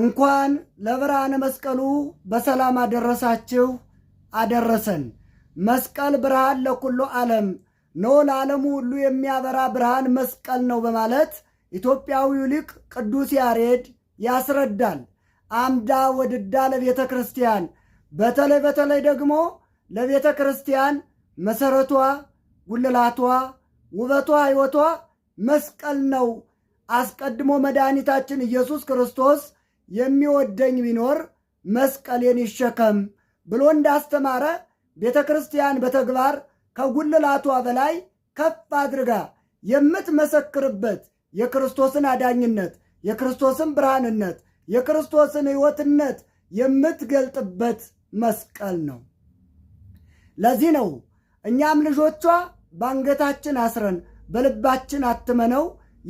እንኳን ለብርሃነ መስቀሉ በሰላም አደረሳችሁ አደረሰን። መስቀል ብርሃን ለኩሎ ዓለም ነው፣ ለዓለሙ ሁሉ የሚያበራ ብርሃን መስቀል ነው በማለት ኢትዮጵያዊው ሊቅ ቅዱስ ያሬድ ያስረዳል። አምዳ ወድዳ ለቤተ ክርስቲያን በተለይ በተለይ ደግሞ ለቤተ ክርስቲያን መሰረቷ፣ ጉልላቷ፣ ውበቷ፣ ሕይወቷ መስቀል ነው። አስቀድሞ መድኃኒታችን ኢየሱስ ክርስቶስ የሚወደኝ ቢኖር መስቀሌን ይሸከም ብሎ እንዳስተማረ ቤተ ክርስቲያን በተግባር ከጉልላቷ በላይ ከፍ አድርጋ የምትመሰክርበት የክርስቶስን አዳኝነት፣ የክርስቶስን ብርሃንነት፣ የክርስቶስን ሕይወትነት የምትገልጥበት መስቀል ነው። ለዚህ ነው እኛም ልጆቿ በአንገታችን አስረን በልባችን አትመነው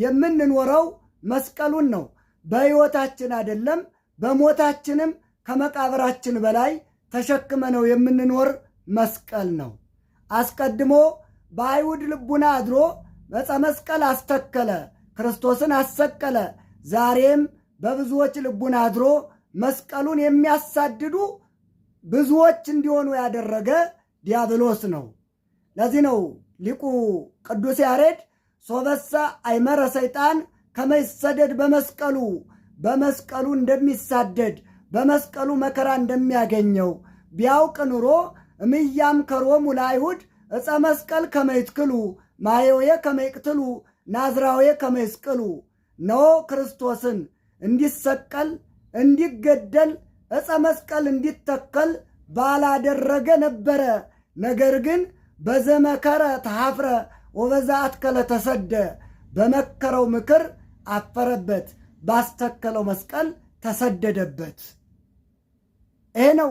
የምንኖረው መስቀሉን ነው። በሕይወታችን አይደለም በሞታችንም ከመቃብራችን በላይ ተሸክመነው የምንኖር መስቀል ነው። አስቀድሞ በአይሁድ ልቡና አድሮ ዕፀ መስቀል አስተከለ፣ ክርስቶስን አሰቀለ። ዛሬም በብዙዎች ልቡና አድሮ መስቀሉን የሚያሳድዱ ብዙዎች እንዲሆኑ ያደረገ ዲያብሎስ ነው። ለዚህ ነው ሊቁ ቅዱስ ያሬድ ሶበሳ አይመረ ሰይጣን ከመሰደድ በመስቀሉ በመስቀሉ እንደሚሳደድ በመስቀሉ መከራ እንደሚያገኘው ቢያውቅ ኑሮ እምያም ከሮሙ ለአይሁድ እፀ መስቀል ከመይትክሉ ማየውየ ከመይቅትሉ ናዝራውየ ከመይስቅሉ ኖ ክርስቶስን እንዲሰቀል እንዲገደል እፀ መስቀል እንዲተከል ባላደረገ ነበረ። ነገር ግን በዘመከረ ተሐፍረ ወበዛ አትከለ ተሰደ በመከረው ምክር አፈረበት፣ ባስተከለው መስቀል ተሰደደበት። ይሄ ነው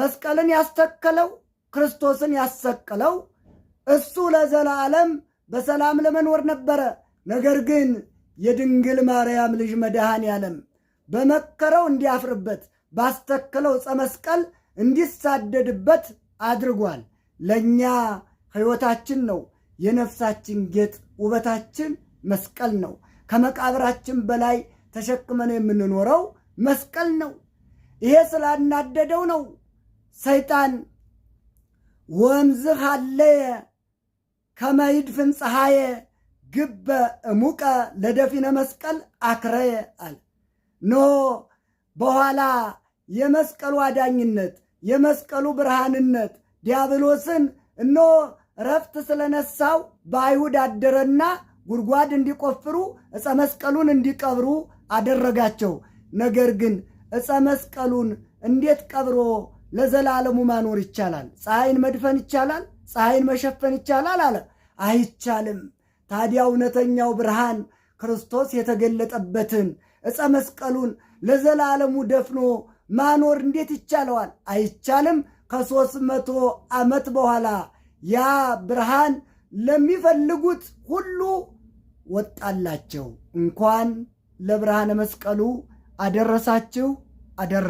መስቀልን ያስተከለው ክርስቶስን ያሰቀለው። እሱ ለዘላለም በሰላም ለመኖር ነበረ። ነገር ግን የድንግል ማርያም ልጅ መድኃኔ ዓለም በመከረው እንዲያፍርበት ባስተከለው ዕፀ መስቀል እንዲሳደድበት አድርጓል። ለእኛ ሕይወታችን ነው፣ የነፍሳችን ጌጥ ውበታችን መስቀል ነው። ከመቃብራችን በላይ ተሸክመን የምንኖረው መስቀል ነው። ይሄ ስላናደደው ነው ሰይጣን ወምዝህ አለየ ከመይድፍን ፀሐየ ግበ እሙቀ ለደፊነ መስቀል አክረየ አለ። ኖ በኋላ የመስቀሉ አዳኝነት የመስቀሉ ብርሃንነት ዲያብሎስን እኖ ረፍት ስለነሳው በአይሁድ አደረና ጉድጓድ እንዲቆፍሩ ዕፀ መስቀሉን እንዲቀብሩ አደረጋቸው። ነገር ግን ዕፀ መስቀሉን እንዴት ቀብሮ ለዘላለሙ ማኖር ይቻላል? ፀሐይን መድፈን ይቻላል? ፀሐይን መሸፈን ይቻላል? አለ። አይቻልም። ታዲያ እውነተኛው ብርሃን ክርስቶስ የተገለጠበትን ዕፀ መስቀሉን ለዘላለሙ ደፍኖ ማኖር እንዴት ይቻለዋል? አይቻልም። ከሦስት መቶ ዓመት በኋላ ያ ብርሃን ለሚፈልጉት ሁሉ ወጣላቸው። እንኳን ለብርሃነ መስቀሉ አደረሳችሁ አደረሰ